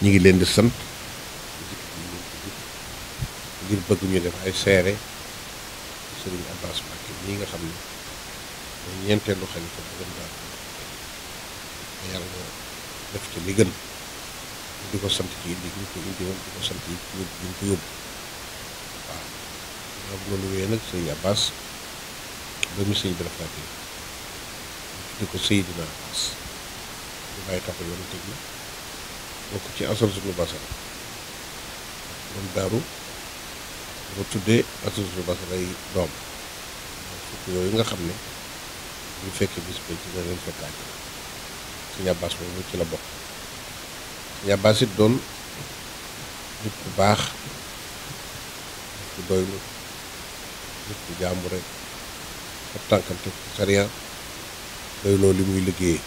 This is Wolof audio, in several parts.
ñu ngi leen di sant ngir bëgg ñu def ay seere sëriñ Abbas Mbacke ñi nga xam ne mooy ñeenteelu xalifa bu gën daal yàlla def ci li gën di ko sant ci indi gi ñu ko indi woon di ko sant yi yóbbu ñu ko yóbbu waaw ñoo loolu bi di ko Seydina Abbas yoon bokk ci asalsul basara moom daaru bu tuddee asalsul basara ay doom fukk yooyu nga xam ne ñu fekkee bis ba ci danañ fekkaat ci ñàbbaas boobu ci la bokk ñàbbaas it doon nit baax nit ku doylu nit ku jaamu rek ab tànkam ci sariya doyloo li muy liggéeyee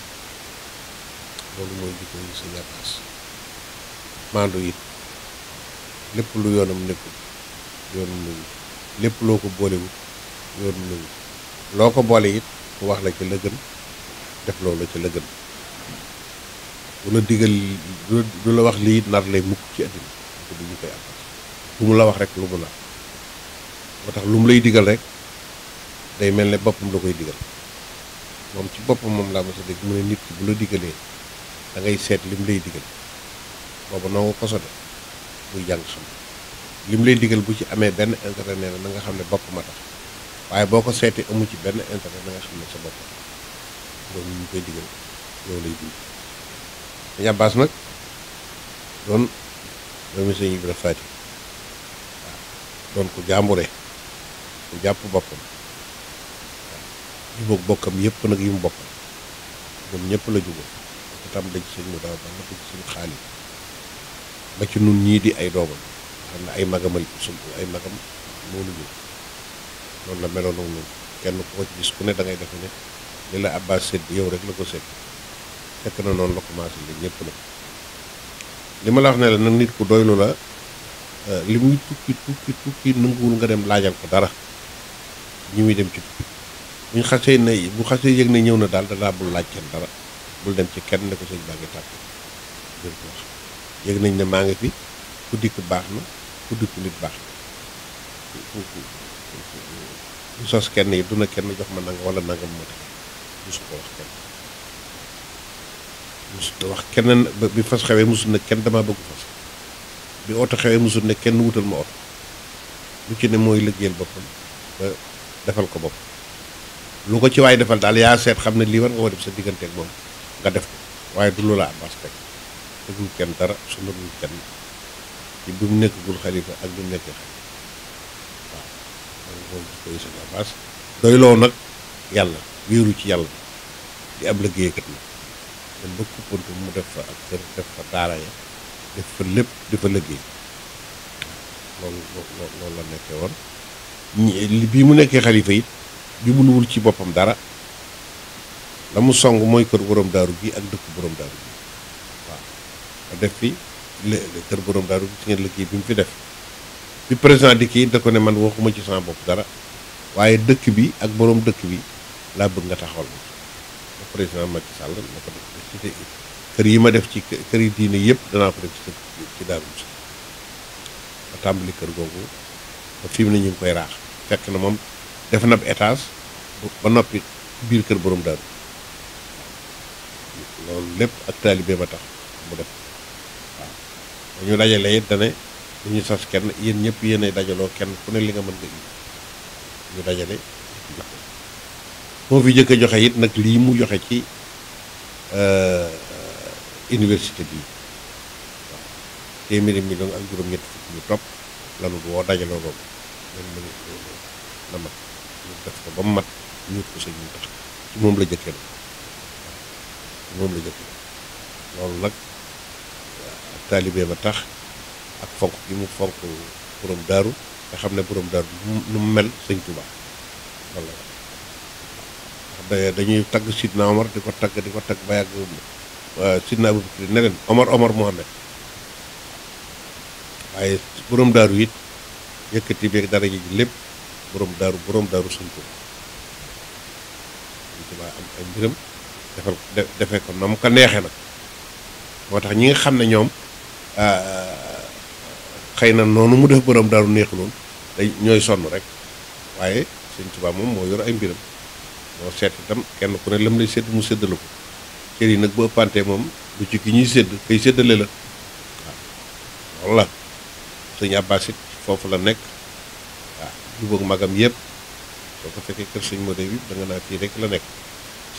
loolu mooy jikko yi sa ñàbbaas maandu it lépp lu yoonam nekkul yoonam lépp loo ko boolewut yoonam loo ko boole it mu wax la ci la gën def loolu ci la gën du la digal du la wax lii nar lay mukk ci àddina ko mu la wax rek lu mu la moo tax lu mu lay digal rek day mel ne boppam la koy digal moom ci boppam moom laa mos a dégg mu ne nit bu la digalee dangay seet li mu lay digal booba noo nga koso de muy jàng xam li mu lay digal bu ci amee benn intérêt nee na na nga xam ne bopp ma waaye boo ko seetee amu ci benn intérêt na nga xam ne sa bopp loolu ñu koy digal loolu lay nag doon doomi sëñ Ibra Faati jàmbure ku jàpp boppam waaw jubóog bokkam yëpp nag yu mu bokkam ñoom ñëpp la jubóog ko tam dañ ci mu daaw ba nga ko ci xaalis ba ci nun ñii di ay doomam xam ne ay magamal su ay magam noonu ñu noonu la meloon ak noonu kenn koo ci gis ku ne dangay ngay defe ne li la Abbas sédd yow rek la ko sédd fekk na noonu la commencé li li ma la wax ne nag nit ku doylu la euh, li muy tukki nga dem laajal ko dara ñi muy dem ci tukki ne bu xasee yëg ne ñëw na daal danaa bul laaj kenn dara bul dem ci kenn ne ko sëñ baa ngi yëg nañ ne maa ngi fi ku dikk baax na ku dikk nit baax na sos kenn yi duna kenn jox ma nanga wala nangam moo tax musu ko wax kenn musu ko wax kenn bi fas xewee musu ne kenn dama bëgg fas bi oto xewee musu ne kenn wutal ma oto lu ci ne mooy liggéeyal boppam ba defal ko bopp lu ko ci waay defal daal yaa seet xam ne lii war nga ko def sa digganteeg moom nga def ko waaye du loola am rek tegul kenn dara sonalul kenn ci bi mu nekkagul xalifa ak bi nekkee xalifa waaw nag yàlla wéeru ci yàlla di ab liggéeykat la dem ba kuppantu mu def fa ak def fa lépp di fa liggéey loolu loolu la nekkee woon ñi bii mu nekkee xalifa it jubluwul ci boppam dara la mu song mooy kër borom daaru gi ak dëkk borom daaru gi def fi le kër borom daaru ci ngeen liggéey bi mu fi def bi président di kii da ko ne man waxuma ci sama bopp dara waaye dëkk bi ak boroom dëkk bi laa bëgg nga taxawal ma président Macky Sall ma yi ma def ci kër yi yëpp danaa ko ci ci daaru si ma tàmbali kër googu ba fi mu ne ñu ngi koy raax fekk na moom def na ab étage ba noppi biir kër boroom daaru loolu lépp ak taalibe ba tax mu def ba ñu dajalee it dane ñu sas kenn yéen ñëpp yéenay dajaloo kenn ku ne li nga mën nga indi ñu dajale joxe moo fi jëkk joxe yit nag lii mu joxe ci euh, université bi waaw mi million ak juróom-ñett fukk ñu topp lanu woo dajaloo loolu loolu la ñu la mat ñu def ko ba mu mat ñu ko sëñ ñu tax moom la jëkkee la loolu nag taalibe ba tax ak fonk gi mu fonk borom daaru te xam ne borom daaru nu mu mel sëñ Tuubaa dañuy tagg Sidna Omar di ko tagg di ko tagg ba yàgg Sidna Abubakar ne leen Omar Omar Mohamed waaye borom daaru it yëkkati beeg dara ji lépp borom daaru borom daaru sëñ Tuubaa sëñ Tuubaa am ay mbiram defal defee ko na mu ko neexee nag moo tax ñi nga xam ne ñoom Euh, xëy na noonu mu def borom daaru neexu loolu ñooy sonn rek waaye sëñ Tuubaa moom moo yor ay mbiram moo seet itam kenn ku ne lam lay sédd mu séddale ko cër yi nag bu ëppantee moom lu ci ki ñuy sédd kay séddale la waaw loolu la sëñ Abbas it foofu la nekk waaw jubóog magam yëpp soo ko fekkee kër sëñ moo bi da nga naa fii rek la nekk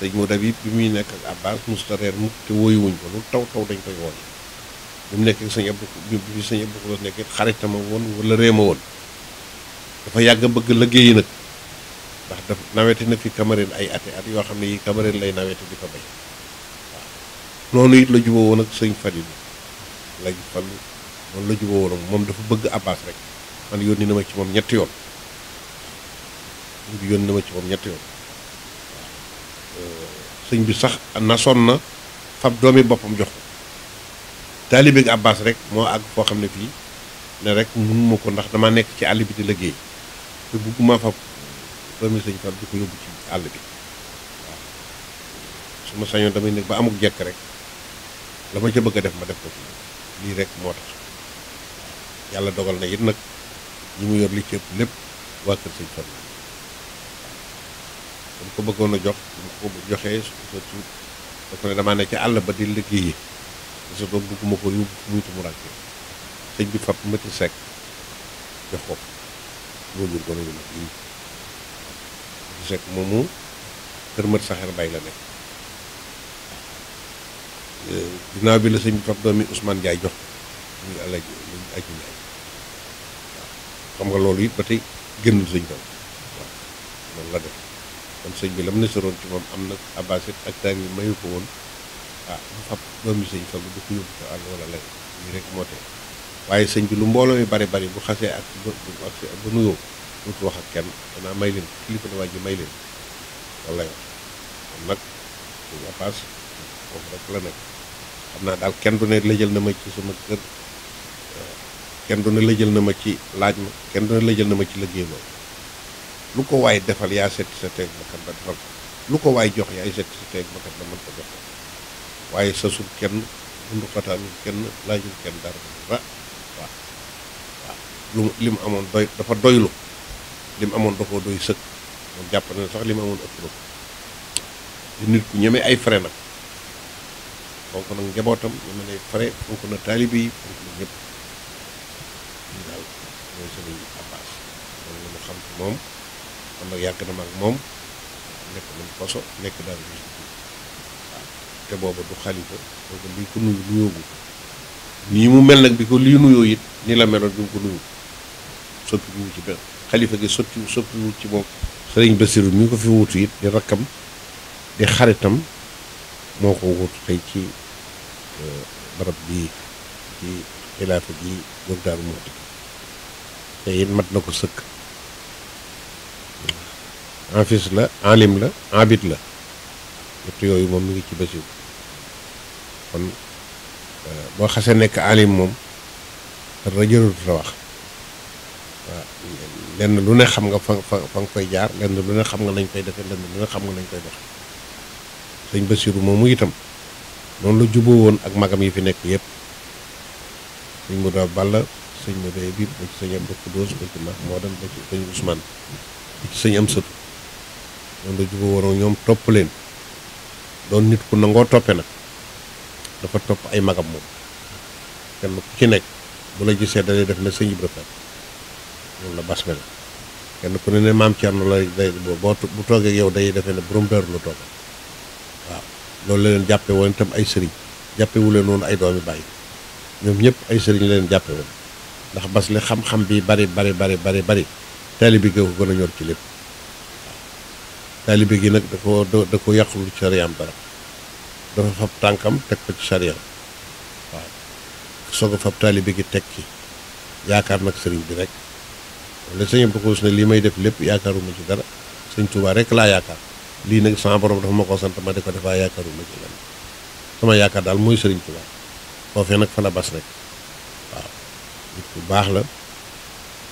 sëñ Modou yi bi muy nekk ak Abbas musta reer mukk te wóoyu wuñ ko lu taw taw dañ koy wooy bi mu nekk sëñ Abdou Diop bi sëñ Abdou Khoudoss nekk xaritama woon wala réema woon dafa yàgg bëgg liggéeyi nag ndax daf nawete nag fi Cameroun ay ati at yoo xam ne yi Cameroun lay nawete di ko bay noonu it la juboo woon ak sëñ Fadilou lañ fallu noonu la juboo woon moom dafa bëgg Abbas rek man yónni na ma ci moom ñetti yoon yónni na ci moom ñetti yoon euh, sëñ bi sax nasoon na fab doomi boppam jox ko taalibe gi Abbas rek moo àgg foo xam ne fii ne rek ma ko ndax dama nekk ci àll bi di liggéey te bugguma fa doomi àll bi waaw ma sañoon damay nekk ba jekk rek la ca bëgg a def ma def ko lii rek moo tax na it nag ñi mu yor li ci lépp waa sëñ Fall dama ko bëggoon a jox dama ko joxee ci àll ba di liggéey sa doom ko yóbbu fu muy tumuraanke sëñ bi fab mètre sec jox ko moo jur gone yu mag yi mètre sec moomu la nekk ginnaaw bi la sëñ bi fab doomi Ousmane Ndiaye jox ko muy El Hadj Hadj Ndiaye waaw xam nga loolu it ba tey génnul la def kon sëñ bi la mu ne soroon ci moom am na abasit ak taar yi mayu ko woon Muntaxa ah, mu fab doomi sëñ Fallu ko moo waaye sëñ lu mbooloo mi bari bari bu xasee ak bu ak bu nuyoo wax kenn danaa may leen kilifa dawaa ji may leen loolu la nekk xam naa daal kenn du ne lëjal na ma ci sama kër eh, kenn du ne lëjal na ma ci laaj ma kenn du ne lëjal na ma ci liggéey ma lu ko waay defal yaa setti sa teeg bakkan ba defal lu ko waay jox yaay setti sa teeg bakkan ba mën ko jox waaye sasul kenn bundu xataalul kenn laajul kenn dara waaw waaw lu li mu amoon doy dafa doylu li mu amoon koo doy sëkk moom jàpp na sax li mu amoon ëpp di nit ku ñeme ay fare nag fonk nag njabootam ñeme ay frais fonk na taalibe yi na ñëpp ñu daal mooy moom xam ci yàgg na moom nekk nañ koso nekk daal te booba du xalifa booba lii ko nuyu nuyoogu nii mu mel nag bi ko lii nuyoo it ni la meloon bi mu ko nuyu soppiwu ci benn xalifa gi sotti soppiwu ci moom sëriñ Basiru mi ko fi wutu it di rakkam di xaritam moo ko wut tey ci euh, barab bii ci xilaafa gi góor daaru mat na ko sëkk enfis la alim la abid la yooyu moom mu ngi ci Basiru kon euh, boo xasee nekk alim moom dara jërut la wax lenn lu ne xam nga fa fa fa nga koy jaar lenn lu ne xam nga lañ koy defee lenn lu ne xam nga lañ koy doxee sëñ Basiru moomu itam noonu la juboo woon ak magam yi fi nekk yëpp sëñ Mudaa Balla sëñ Mudaa bi ba ci sëñ Abdou Kudoos ba ci Maam Moodan ba ci sëñ am ba ci sëñ noonu la juboo woon ñoom topp leen doon nit ku nangoo toppe nag dafa topp ay magam moom kenn ku ci nekk bu la gisee dalay def na sëñ Ibra Fall la bas mel kenn ku ne ne maam Thierno lay day boo bu toogee yow day defee ne borom dër lu toog waaw loolu la leen jàppee woon itam ay sëriñ jàppee wu leen noonu ay doomi bàyyi ñoom ñëpp ay sëriñ la leen jàppe woon ndax bas li xam-xam bi bari bari bari bari bari taalibe gi ko gën a ñor ci lépp waaw taalibe gi nag da ko da ko yàqul ci sariyaam dara dafa fab tànkam teg ko ci sariya waaw soog a fab taalibe gi teg ci yaakaar nag sëriñ bi rek wala sëñ Abdou lii may def lépp yaakaaruma ci dara sëñ Touba rek laa yaakaar lii nag sama boroom dafa moo ko sant ma di ko defaa yaakaaru ci lan sama yaakaar daal mooy sëriñ Touba foofee nag fa la bas rek waaw nit ku baax la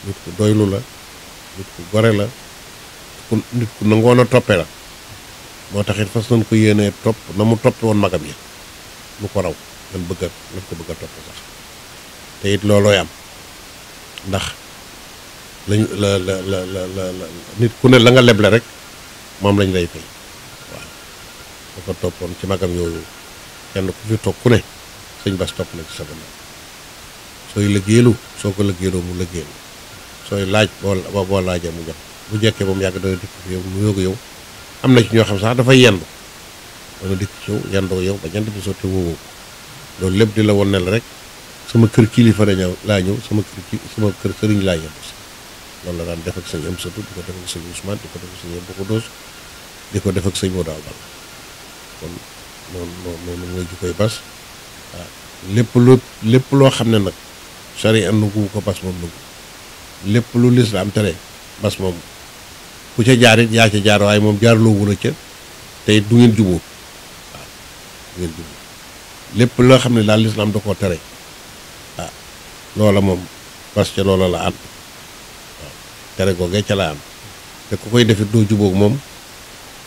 nit ku doylu la nit ku gore la nit ku nangoon toppe la moo tax it fas nañ ko yéenee topp na mu topp woon magam yi lu ko raw lan bëgg a lan ko bëgg a topp sax am ndax lañ la nit ku ne la nga leble rek moom lañ lay fay waaw bu ko toppoon ci magam yooyu kenn ku toog ku ne sëñ bas topp na ci sa gannaaw sooy lëggeelu soo ko lëggeeloo mu lëggeelu sooy laaj boo boo laajee mu jot bu jekkee ba mu yàgg dana dikk yow mu yógu yow am na ci ñoo xam sax dafa yendu a dikk ci yow yendoo yow ba jant bi sotti woowoo ko loolu lépp di la won ne la rek sama kër kilifa la ñëw laa ñëw sama kër ki kër sëriñ laa yem loolu la daan def ak sëñ am satu di ko def ak sëñ Ousmane di ko def ak sëñ Abdou Khoudoss di ko def ak sëñ Modou Abdal kon noonu noonu mooy ji bas ah, lépp lu lépp loo xam ne nag sari am na ko bas moom la lépp lu am tere bas moom ku ca jaar it yaa ca jaar waaye moom jaarloo wu la ca te du ngeen juboo lépp loo xam ne daal lislaam da koo tere ah loola moom parce que loola la ànd waaw tere googee ca la ànd te ku koy defit doo jubóog moom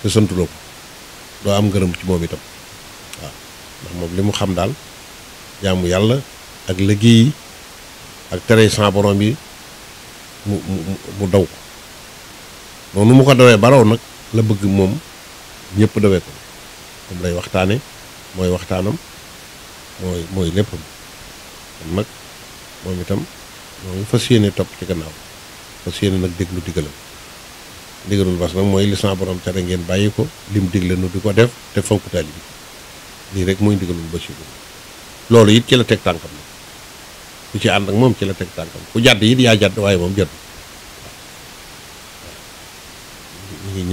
te santuloo ko doo am ngërëm ci moom itam waaw moom li mu xam daal jaamu yàlla ak liggéey yi ak tere sans borom yi mu mu mu daw ko noonu mu ko dawee baraw nag la bëgg moom ñëpp dawee ko moom lay waxtaane mooy waxtaanam mooy mooy léppam moom itam moo ngi fas yéene topp ci gannaaw fas yéene nag déglu digalam digalul bas nag mooy li borom tere ngeen bàyyi ko lim digle nu di ko def te fonk taali bi lii rek mooy digalul basiru loolu it ci la teg tànkam nag ku ci ànd ak moom ci la teg tànkam ku jàdd it yaa jàdd waaye moom jàdd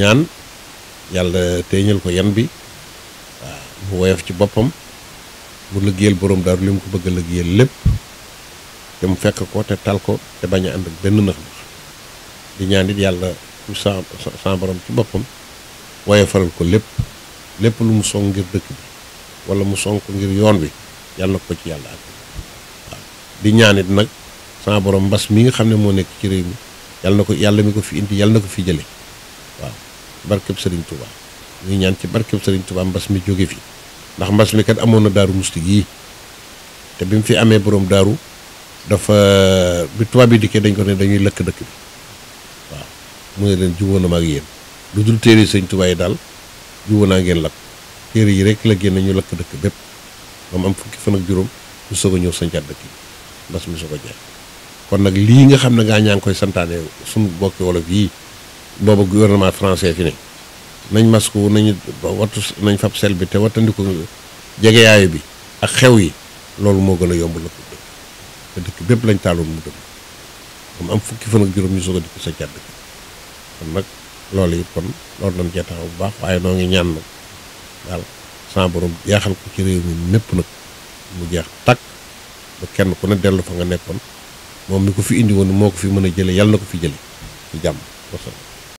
ñaan yàlla ñël ko yan bi waaw mu woyof ci boppam mu liggéeyal boroom daaru li mu ko bëgg a liggéeyal lépp te mu fekk ko te tal ko te bañ a ànd benn nax nax di ñaan it yàlla ku sa ci boppam woyofaral ko lépp lépp lu mu song ngir dëkk bi wala mu song ko ngir yoon wi yàlla na ko ci yàlla ak di ñaan it nag sa borom mbas mi nga xam ne moo nekk ci réew mi yàlla na ko yàlla mi ko fi indi yàlla na ko fi jële barkeb Serigne Touba ñuy ñaan ci barkeb Serigne Touba mbas mi jóge fii ndax mbas mi kat amoon na daaru musti yi te bi mu fi amee borom daaru dafa bi tubaab bi dikkee dañ ko ne dañuy lëkk dëkk bi waaw mu ne leen jubóo na ma ak yéen lu dul téere Serigne Touba yi daal jubóo naa ngeen lakk téere yi rek la génne ñu lakk dëkk bépp moom am fukki fan ak juróom ñu soog a ñëw sancaat dëkk bi mbas mi soog a jeex kon nag lii nga xam ne gaa ñaa ngi koy santaane sumu bokki wolof yii booba gouvernement français fi ne nañ masque wu nañu wattu nañ fab sel bi te wattandiku jegeyaayu bi ak xew yi loolu moo gën a yomb la ko dëkk bépp lañ taaloon mu dëkk am am fukki fan ak juróom ñu soog a dikk sa jàdd kon nag loolu it loolu lañ cee taxaw bu baax waaye noo ngi ñaan nag daal borom jeexal ko ci nag mu jeex tàkk ba kenn ku ne dellu fa nga nekkoon moom mi ko fi indi woon moo ko fi mën a jële yàlla na ko fi jële ci jàmm